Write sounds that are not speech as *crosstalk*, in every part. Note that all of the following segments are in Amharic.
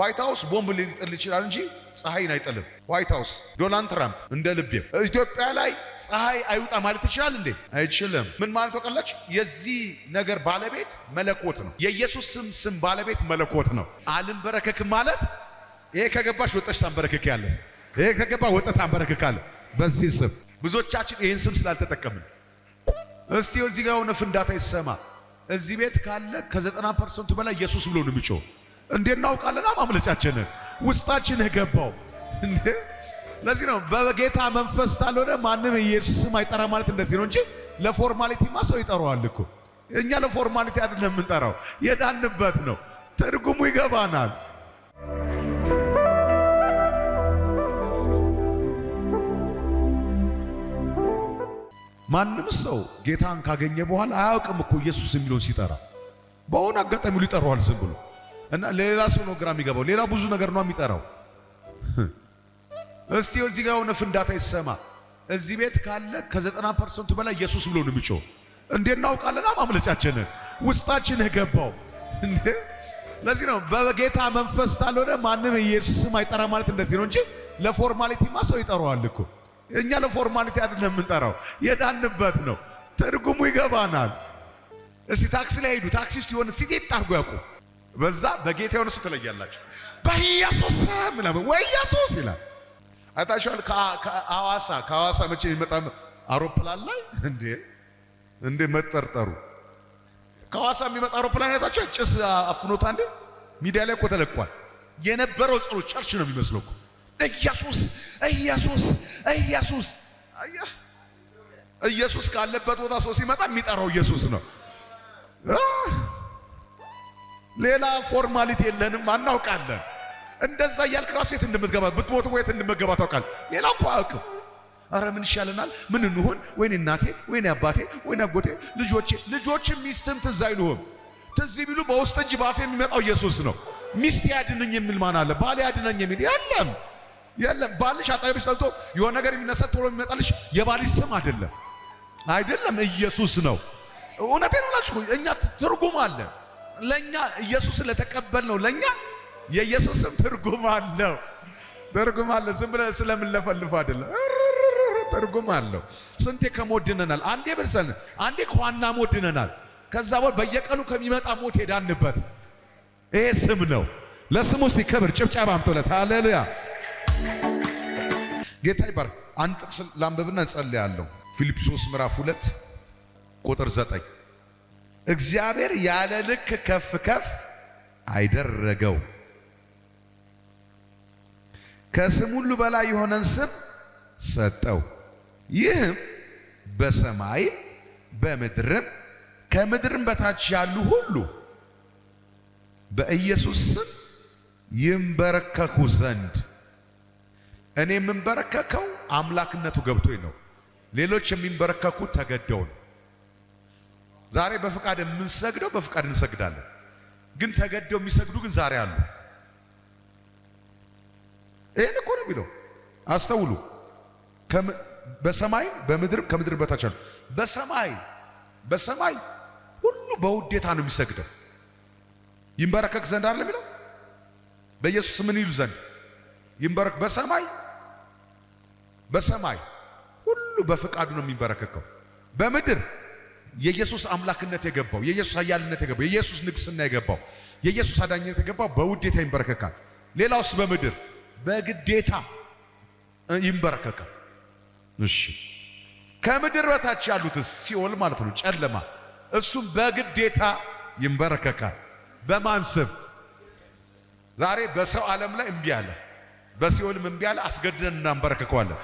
ዋይት ሀውስ ቦምብ ሊጥል ይችላል እንጂ ፀሐይን አይጥልም። ዋይት ሀውስ ዶናልድ ትራምፕ እንደ ልቤ ኢትዮጵያ ላይ ፀሐይ አይውጣ ማለት ይችላል እንዴ? አይችልም። ምን ማለት ወቀላች? የዚህ ነገር ባለቤት መለኮት ነው። የኢየሱስ ስም ስም ባለቤት መለኮት ነው። አልንበረከክም ማለት ይሄ ከገባሽ ወጠሽ ታንበረክክ ያለ ይሄ ከገባ ወጠ ታንበረክካለ። በዚህ ስም ብዙዎቻችን ይህን ስም ስላልተጠቀምን እስቲ እዚህ ጋር የሆነ ፍንዳታ ይሰማ እዚህ ቤት ካለ ከዘጠና ፐርሰንቱ በላይ ኢየሱስ ብሎ ነው እንዴት እናውቃለና? ማምለጫችን ውስጣችን የገባው እንዴ። ለዚህ ነው በጌታ መንፈስ ታልሆነ ማንም ኢየሱስም አይጠራ ማለት እንደዚህ ነው እንጂ ለፎርማሊቲማ ሰው ይጠራዋል እኮ። እኛ ለፎርማሊቲ አይደለም የምንጠራው፣ የዳንበት ነው። ትርጉሙ ይገባናል። ማንም ሰው ጌታን ካገኘ በኋላ አያውቅም እኮ ኢየሱስ የሚለውን ሲጠራ። በአሁኑ አጋጣሚ ሊጠራዋል ዝም ብሎ እና ሌላ ሰው ነው ግራ የሚገባው። ሌላ ብዙ ነገር ነው የሚጠራው። *laughs* እስቲ እዚህ ጋር የሆነ ፍንዳታ ይሰማ። እዚህ ቤት ካለ ከዘጠና ፐርሰንቱ በላይ ኢየሱስ ብሎ ነው የሚጮህ። እንዴ እናውቃለና ማምለጫችን ውስጣችን የገባው እንዴ። ለዚህ ነው በጌታ መንፈስ ካልሆነ ማንም ኢየሱስ ስም አይጠራ ማለት እንደዚህ ነው እንጂ ለፎርማሊቲማ ሰው ይጠራዋል እኮ። እኛ ለፎርማሊቲ አይደለም የምንጠራው፣ የዳንበት ነው። ትርጉሙ ይገባናል። እስቲ ታክሲ ላይ ሄዱ። ታክሲ ውስጥ የሆነ ሲጤጥ አድርጎ ያውቁ በዛ በጌታ የሆነ እሱ ትለያላችሁ። በኢየሱስ ስም ምናምን ወይ ኢየሱስ ይላል። አይታችኋል። ከሐዋሳ ከሐዋሳ መቼ የሚመጣ አውሮፕላን ላይ እንዴ እንዴ መጠርጠሩ ከሐዋሳ የሚመጣ አውሮፕላን አይታችኋል። ጭስ አፍኖታ እንዴ ሚዲያ ላይ እኮ ተለቋል። የነበረው ጸሎት ቸርች ነው የሚመስለው እኮ ኢየሱስ ኢየሱስ ኢየሱስ ኢየሱስ ካለበት ቦታ ሰው ሲመጣ የሚጠራው ኢየሱስ ነው። ሌላ ፎርማሊቲ የለንም፣ አናውቃለን። እንደዛ እያልክ ራሱ የት እንደምትገባ ብትሞት የት እንደምትገባ ታውቃለህ። ሌላ እኮ አያውቅም። አረ ምን ይሻለናል? ምን እንሆን? ወይኔ እናቴ፣ ወይኔ አባቴ፣ ወይኔ አጎቴ፣ ልጆቼ። ልጆች ሚስትም ትዝ አይልህም። ትዝ ቢሉ በውስጥ እንጂ በአፍ የሚመጣው ኢየሱስ ነው። ሚስት ያድነኝ የሚል ማን አለ? ባል ያድነኝ የሚል የለም፣ የለም። ባልሽ አጣቢሽ ጠልቶ የሆነ ነገር የሚነሳ ቶሎ የሚመጣልሽ የባልሽ ስም አይደለም፣ አይደለም፣ ኢየሱስ ነው። እውነቴን ብላችሁ እኛ ትርጉም አለ ለኛ ኢየሱስ ለተቀበል ነው። ለኛ የኢየሱስም ትርጉም አለው። ትርጉም አለ። ዝም ብለህ ስለምንለፈልፍ አይደለም። ትርጉም አለው። ስንቴ ከሞት ድነናል። አንዴ ብርሰን፣ አንዴ ከዋና ሞት ድነናል። ከዛ ወር በየቀኑ ከሚመጣ ሞት ሄዳንበት። ይሄ ስም ነው። ለስሙ እስቲ ክብር ጭብጨባ አምጥለት። ሃሌሉያ ጌታ ይባርክ። አንድ ጥቅስ ላንብብና እንጸልያለሁ። ፊልጵስዩስ ምዕራፍ 2 ቁጥር 9 እግዚአብሔር ያለ ልክ ከፍ ከፍ አይደረገው። ከስም ሁሉ በላይ የሆነን ስም ሰጠው። ይህም በሰማይም በምድርም ከምድርም በታች ያሉ ሁሉ በኢየሱስ ስም ይንበረከኩ ዘንድ። እኔ የምንበረከከው አምላክነቱ ገብቶኝ ነው። ሌሎች ተገደው ተገደውን ዛሬ በፍቃድ የምንሰግደው በፍቃድ እንሰግዳለን፣ ግን ተገደው የሚሰግዱ ግን ዛሬ አሉ። ይህን እኮ ነው የሚለው። አስተውሉ። በሰማይ በምድር ከምድር በታች አሉ። በሰማይ በሰማይ ሁሉ በውዴታ ነው የሚሰግደው ይንበረከክ ዘንድ አለ የሚለው በኢየሱስ ምን ይሉ ዘንድ ይንበረክ በሰማይ በሰማይ ሁሉ በፍቃዱ ነው የሚንበረከከው በምድር የኢየሱስ አምላክነት የገባው የኢየሱስ ኃያልነት የገባው የኢየሱስ ንግስና የገባው የኢየሱስ አዳኝነት የገባው በውዴታ ይንበረከካል። ሌላውስ በምድር በግዴታ ይንበረከካል። እሺ ከምድር በታች ያሉትስ ሲኦል ማለት ነው፣ ጨለማ። እሱም በግዴታ ይንበረከካል። በማን ስም? ዛሬ በሰው ዓለም ላይ እምቢ አለ፣ በሲኦልም እምቢ አለ። አስገድደን እናንበረከከዋለን።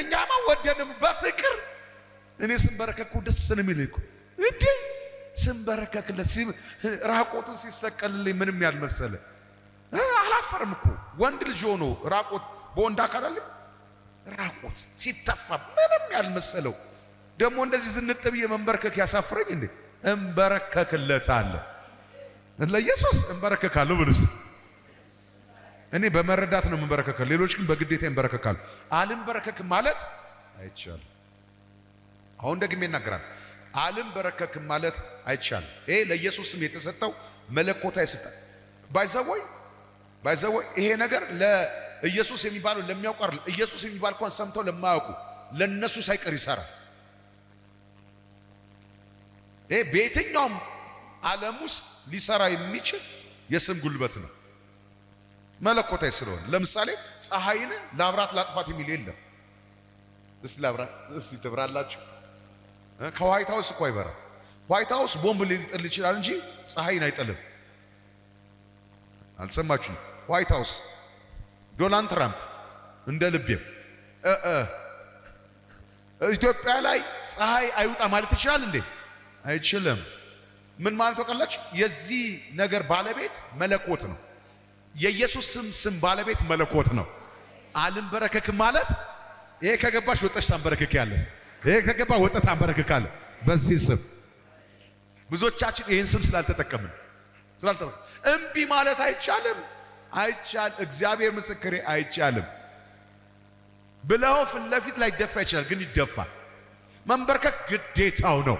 እኛማ ወደንም በፍቅር እኔ ስንበረከኩ ደስ ነው የሚለኝ እኮ እንዴ ስንበረከክለት ራቆቱ ሲሰቀልልኝ ምንም ያልመሰለ አላፈርም እኮ ወንድ ልጅ ሆኖ ራቆት በወንድ አካል ራቆት ሲተፋ ምንም ያልመሰለው ደግሞ እንደዚህ ዝንጥ ብዬ መንበርከክ ያሳፍረኝ እንዴ አለ ለኢየሱስ እንበረከካለሁ ብልስ እኔ በመረዳት ነው የምንበረከከው ሌሎች ግን በግዴታ ይንበረከካሉ አልንበረከክ ማለት አይቻልም አሁን ደግሜ ይናገራል። አልንበረከክም ማለት አይቻልም። ይሄ ለኢየሱስ ስም የተሰጠው መለኮታዊ ስልጣን ባይዘወይ ባይዘወይ ይሄ ነገር ለኢየሱስ የሚባሉ ለሚያውቁ አይደለም። ኢየሱስ የሚባል እንኳን ሰምተው ለማያውቁ ለነሱ ሳይቀር ይሰራ። ይሄ በየትኛውም ዓለም ውስጥ ሊሰራ የሚችል የስም ጉልበት ነው። መለኮታዊ ስለሆነ ለምሳሌ ፀሐይን ላብራት ላጥፋት የሚል የለም። እስቲ ላብራት እስቲ ትብራላችሁ ከዋይት ሀውስ እኮ አይበራም። ዋይት ሀውስ ቦምብ ሊጥል ይችላል እንጂ ፀሐይን አይጥልም። አልሰማችሁም? ዋይት ሀውስ ዶናልድ ትራምፕ እንደ ልቤም ኢትዮጵያ ላይ ፀሐይ አይውጣ ማለት ይችላል እንዴ? አይችልም። ምን ማለት ወቀላች? የዚህ ነገር ባለቤት መለኮት ነው። የኢየሱስ ስም ስም ባለቤት መለኮት ነው። አልንበረከክም ማለት ይሄ ከገባሽ ወጣሽ ሳንበረከክ ያለሽ ይሄ ከገባ ወጠት አንበረክካለሁ። በዚህ ስም ብዙዎቻችን ይህን ስም ስላልተጠቀምን ስላልተጠቀምን እምቢ ማለት አይቻልም። አይቻል እግዚአብሔር ምስክሬ አይቻልም ብለው ፊት ለፊት ላይ ይደፋ ይችላል፣ ግን ይደፋል። መንበርከክ ግዴታው ነው።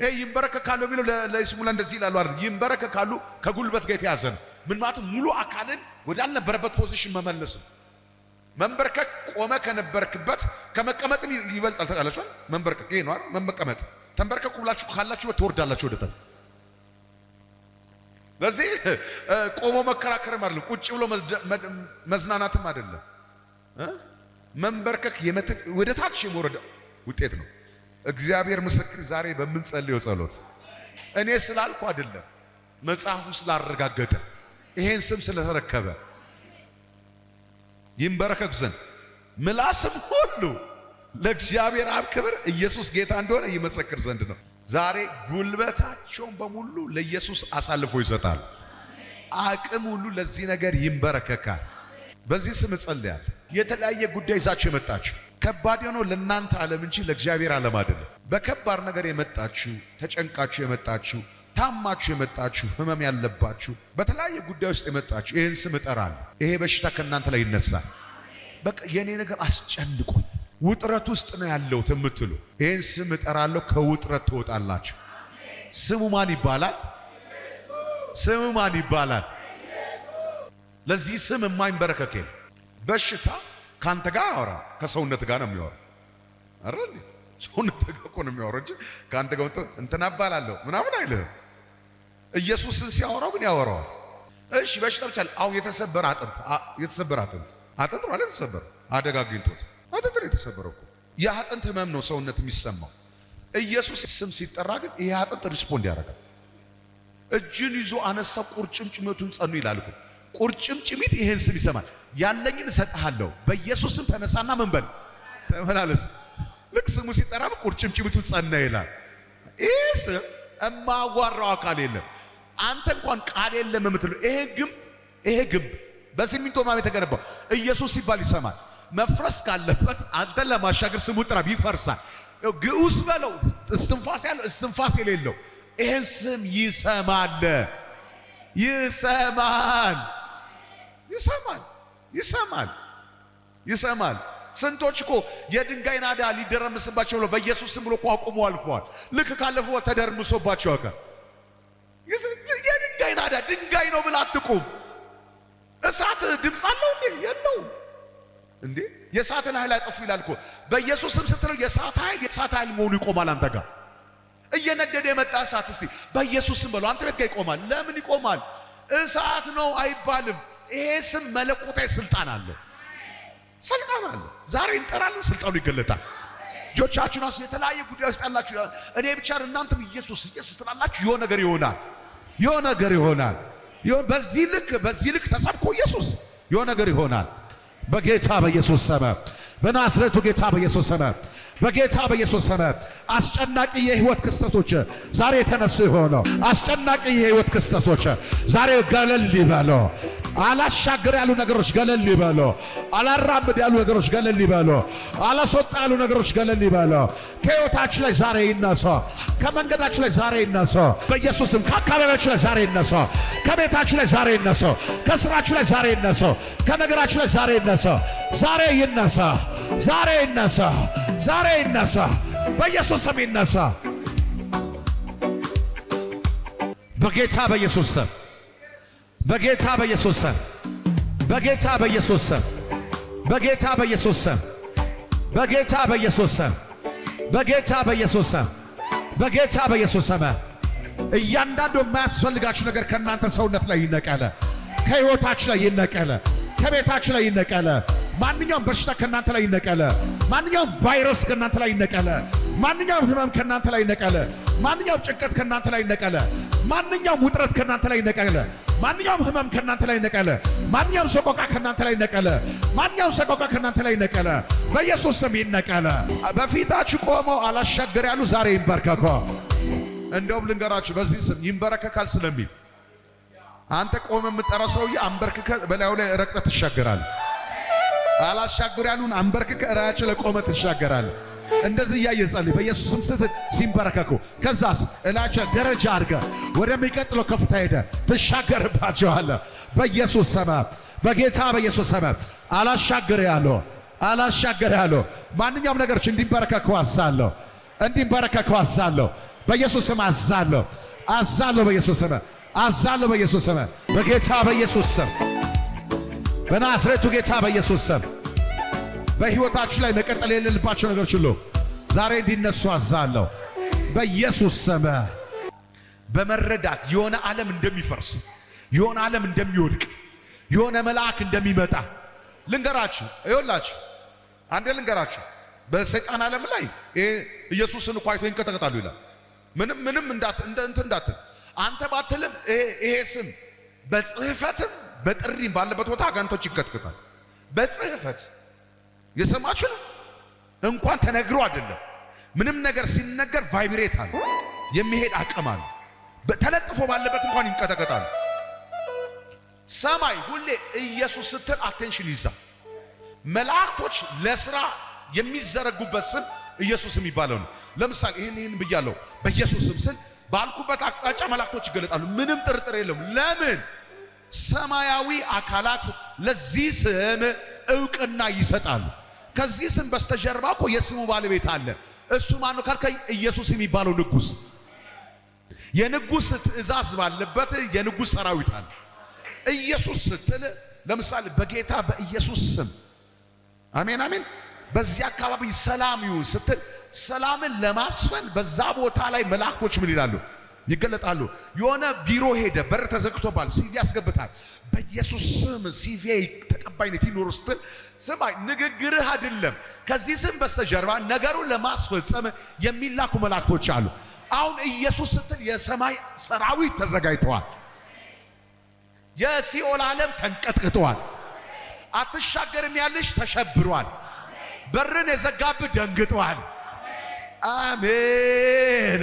ይሄ ይንበረከካሉ የሚለው ለይስሙላ እንደዚህ ይላሉ አይደል? ይንበረከካሉ ከጉልበት ጋር የተያዘ ነው። ምን ማለት ሙሉ አካልን ወዳልነበረበት ፖዚሽን መመለስ ነው። መንበርከክ ቆመ ከነበርክበት ከመቀመጥ ይበልጣል። ተቃላችሁ መንበርከክ ይሄ ነው አይደል? ተንበርከኩ ብላችሁ ካላችሁበት ትወርዳላችሁ ወደታል። ለዚህ ቆሞ መከራከርም አይደለም፣ ቁጭ ብሎ መዝናናትም አይደለም። መንበርከክ ወደታች የመውረድ ውጤት ነው። እግዚአብሔር ምስክር፣ ዛሬ በምንጸልየው ጸሎት እኔ ስላልኩ አይደለም፣ መጽሐፉ ስላረጋገጠ ይሄን ስም ስለተረከበ ይንበረከኩ ዘንድ ምላስም ሁሉ ለእግዚአብሔር አብ ክብር ኢየሱስ ጌታ እንደሆነ ይመሰክር ዘንድ ነው። ዛሬ ጉልበታቸውን በሙሉ ለኢየሱስ አሳልፎ ይሰጣሉ። አቅም ሁሉ ለዚህ ነገር ይንበረከካል። በዚህ ስም እጸልያለሁ። የተለያየ ጉዳይ ይዛችሁ የመጣችሁ ከባድ የሆነው ለእናንተ ዓለም እንጂ ለእግዚአብሔር ዓለም አይደለም። በከባድ ነገር የመጣችሁ ተጨንቃችሁ የመጣችሁ ታማችሁ የመጣችሁ ህመም ያለባችሁ በተለያየ ጉዳይ ውስጥ የመጣችሁ ይህን ስም እጠራለሁ። ይሄ በሽታ ከእናንተ ላይ ይነሳል። በቃ የእኔ ነገር አስጨንቆኝ ውጥረት ውስጥ ነው ያለሁት የምትሉ ይህን ስም እጠራለሁ። ከውጥረት ትወጣላችሁ። ስሙ ማን ይባላል? ስሙ ማን ይባላል? ለዚህ ስም የማይንበረከክ በሽታ ከአንተ ጋር አወራ ከሰውነት ጋር ነው የሚያወራው ሰውነት ጋር እኮ ነው የሚያወራው እንጂ ከአንተ ጋር እንትን አባላለሁ ምናምን አይልህም። ኢየሱስን ሲያወራው ግን ያወራዋል። እሺ በሽታ ብቻ አሁን የተሰበረ አጥንት የተሰበረ አጥንት አጥንት ማለት የተሰበረ አደጋ አግኝቶት አጥንት ነው የተሰበረው እኮ የአጥንት ህመም ነው ሰውነት የሚሰማው። ኢየሱስ ስም ሲጠራ ግን ይሄ አጥንት ሪስፖንድ ያደርጋል። እጅን ይዞ አነሳ፣ ቁርጭምጭሚቱን ጸኑ ይላል እኮ ቁርጭምጭሚት ይሄን ስም ይሰማል። ያለኝን እሰጥሃለሁ በኢየሱስም ስም ተነሳና ምን በል ተመላለስ። ልክ ስሙ ሲጠራ ቁርጭምጭሚቱን ጸና ይላል። ይህ ስም እማጓራው አካል የለም። አንተ እንኳን ቃል የለም የምትለው ይሄ ግንብ ይሄ ግንብ በሲሚንቶ ማም የተገነባው ኢየሱስ ሲባል ይሰማል። መፍረስ ካለበት አንተን ለማሻገር ስሙ ጥራ ይፈርሳል። ግዑዝ በለው እስትንፋስ ያለው እስትንፋስ የሌለው ይሄን ስም ይሰማል ይሰማል ይሰማል ይሰማል ይሰማል። ስንቶች እኮ የድንጋይ ናዳ ሊደረምስባቸው ብሎ በኢየሱስ ስም ብሎ ቋቁሞ አቁሞ አልፈዋል። ልክ ካለፈው ተደርምሶባቸው አካል ድንጋይ ነው ብላ አትቁም። እሳት ድምፅ አለው እንዴ? የለው እንዴ? የእሳትን ኃይል አጠፉ ይላል እኮ በኢየሱስ ስም ስትለው የእሳት ኃይል የእሳት ኃይል መሆኑ ይቆማል። አንተ ጋር እየነደደ የመጣ እሳት እስቲ በኢየሱስ ስም በለው። አንተ ቤት ጋር ይቆማል። ለምን ይቆማል? እሳት ነው አይባልም። ይሄ ስም መለኮታዊ ስልጣን አለው። ስልጣን አለ። ዛሬ እንጠራለን፣ ስልጣኑ ይገለጣል። ልጆቻችሁን የተለያየ ጉዳይ ውስጥ ያላችሁ እኔ ብቻ እናንተም ኢየሱስ ኢየሱስ ትላላችሁ፣ የሆነ ነገር ይሆናል። የሆነ ነገር ይሆናል። በዚህ ልክ በዚህ ልክ ተሰብኮ ኢየሱስ የሆነ ነገር ይሆናል። በጌታ በኢየሱስ ስም፣ በናዝሬቱ ጌታ በኢየሱስ ስም፣ በጌታ በኢየሱስ ስም አስጨናቂ የህይወት ክስተቶች ዛሬ የተነሱ የሆነው አስጨናቂ የህይወት ክስተቶች ዛሬ ገለል ይበለው። አላሻገር ያሉ ነገሮች ገለል ይበሎ። አላራምድ ያሉ ነገሮች ገለል ይበሎ። አላስወጣ ያሉ ነገሮች ገለል ይበሎ። ከህይወታችሁ ላይ ዛሬ ይነሳ። ከመንገዳችሁ ላይ ዛሬ ይነሳ። በኢየሱስም ከአካባቢያችሁ ላይ ዛሬ ይነሳ። ከቤታችሁ ላይ ዛሬ ይነሳ። ከስራችሁ ላይ ዛሬ ይነሳ። ከነገራችሁ ላይ ዛሬ ይነሳ። ዛሬ ይነሳ። ዛሬ ይነሳ። ዛሬ ይነሳ። በኢየሱስም ይነሳ። በጌታ በኢየሱስ ስም በጌታ በኢየሱስ ስም በጌታ በኢየሱስ ስም በጌታ በኢየሱስ ስም በጌታ በኢየሱስ ስም በጌታ በኢየሱስ ስም በጌታ በኢየሱስ ስም እያንዳንዱ የማያስፈልጋችሁ ነገር ከእናንተ ሰውነት ላይ ይነቀለ፣ ከሕይወታችሁ ላይ ይነቀለ፣ ከቤታችሁ ላይ ይነቀለ። ማንኛውም በሽታ ከእናንተ ላይ ይነቀለ። ማንኛውም ቫይረስ ከእናንተ ላይ ይነቀለ። ማንኛውም ህመም ከእናንተ ላይ ይነቀለ። ማንኛውም ጭንቀት ከእናንተ ላይ ይነቀለ። ማንኛውም ውጥረት ከእናንተ ላይ ይነቀለ። ማንኛውም ህመም ከእናንተ ላይ ይነቀለ። ማንኛውም ሰቆቃ ከእናንተ ላይ ይነቀለ። ማንኛውም ሰቆቃ ከእናንተ ላይ ይነቀለ። በኢየሱስ ስም ይነቀለ። በፊታችሁ ቆመው አላሻገር ያሉ ዛሬ ይንበርከኮ። እንደውም ልንገራችሁ በዚህ ስም ይንበረከካል ስለሚል አንተ ቆመ የምጠራ ሰውዬ አንበርክከ በላዩ ላይ ረቅጠ ትሻገራል። አላሻገር ያሉን አንበርክከ ራያቸው ለቆመ ትሻገራል። እንደዚህ እያየ ጸልይ። በኢየሱስም ስት ሲንበረከኩ ከዛስ እላቸ ደረጃ አድርገ ወደሚቀጥለው ከፍታ ሄደ ትሻገርባቸዋለ። በኢየሱስ ሰመ በጌታ በኢየሱስ ሰመ አላሻገር ያለሁ አላሻገር ያለሁ ማንኛውም ነገሮች እንዲንበረከኩ አዛለሁ፣ እንዲንበረከኩ አዛለሁ። ስም አዛለሁ፣ አዛለሁ። በኢየሱስ ስም አዛለሁ። በኢየሱስ ስም በጌታ በኢየሱስ ስም በናዝሬቱ ጌታ በኢየሱስ ስም በህይወታችሁ ላይ መቀጠል የሌለባቸው ነገሮች ሁሉ ዛሬ እንዲነሱ አዛለሁ። በኢየሱስ ስም በመረዳት የሆነ ዓለም እንደሚፈርስ የሆነ ዓለም እንደሚወድቅ የሆነ መልአክ እንደሚመጣ ልንገራችሁ። ይኸውላችሁ አንዴ ልንገራችሁ፣ በሰይጣን ዓለም ላይ ኢየሱስን እኮ አይቶ ይንቀጠቀጣሉ ይላል። ምንም ምንም እንዳት እንትን እንዳትል አንተ ባትልም ይሄ ስም በጽህፈትም በጥሪም ባለበት ቦታ አጋንቶች ይንቀጠቀጣል በጽህፈት የሰማችሁ ነው። እንኳን ተነግሮ አይደለም ምንም ነገር ሲነገር ቫይብሬት አለ፣ የሚሄድ አቅም አለ። ተለጥፎ ባለበት እንኳን ይንቀጠቀጣል። ሰማይ ሁሌ ኢየሱስ ስትል አቴንሽን ይዛል። መላእክቶች ለስራ የሚዘረጉበት ስም ኢየሱስ የሚባለው ነው። ለምሳሌ ይህን ይህን ብያለሁ በኢየሱስ ስም ስል ባልኩበት አቅጣጫ መላእክቶች ይገለጣሉ። ምንም ጥርጥር የለም። ለምን ሰማያዊ አካላት ለዚህ ስም እውቅና ይሰጣሉ። ከዚህ ስም በስተጀርባ እኮ የስሙ ባለቤት አለ። እሱ ማነው ካልከኝ፣ ኢየሱስ የሚባለው ንጉስ የንጉስ ትእዛዝ ባለበት የንጉስ ሰራዊት አለ። ኢየሱስ ስትል ለምሳሌ በጌታ በኢየሱስ ስም አሜን አሜን፣ በዚህ አካባቢ ሰላም ይሁን ስትል ሰላምን ለማስፈን በዛ ቦታ ላይ መላእኮች ምን ይላሉ? ይገለጣሉ። የሆነ ቢሮ ሄደ፣ በር ተዘግቶባል፣ ሲቪ ያስገብታል። በኢየሱስ ስም ሲቪ ተቀባይነት ይኖር ስትል ስማይ ንግግርህ አይደለም። ከዚህ ስም በስተጀርባ ነገሩን ለማስፈጸም የሚላኩ መላእክቶች አሉ። አሁን ኢየሱስ ስትል የሰማይ ሰራዊት ተዘጋጅተዋል። የሲኦል ዓለም ተንቀጥቅጠዋል። አትሻገርም ያልሽ ተሸብሯል። በርን የዘጋብ ደንግጧል። አሜን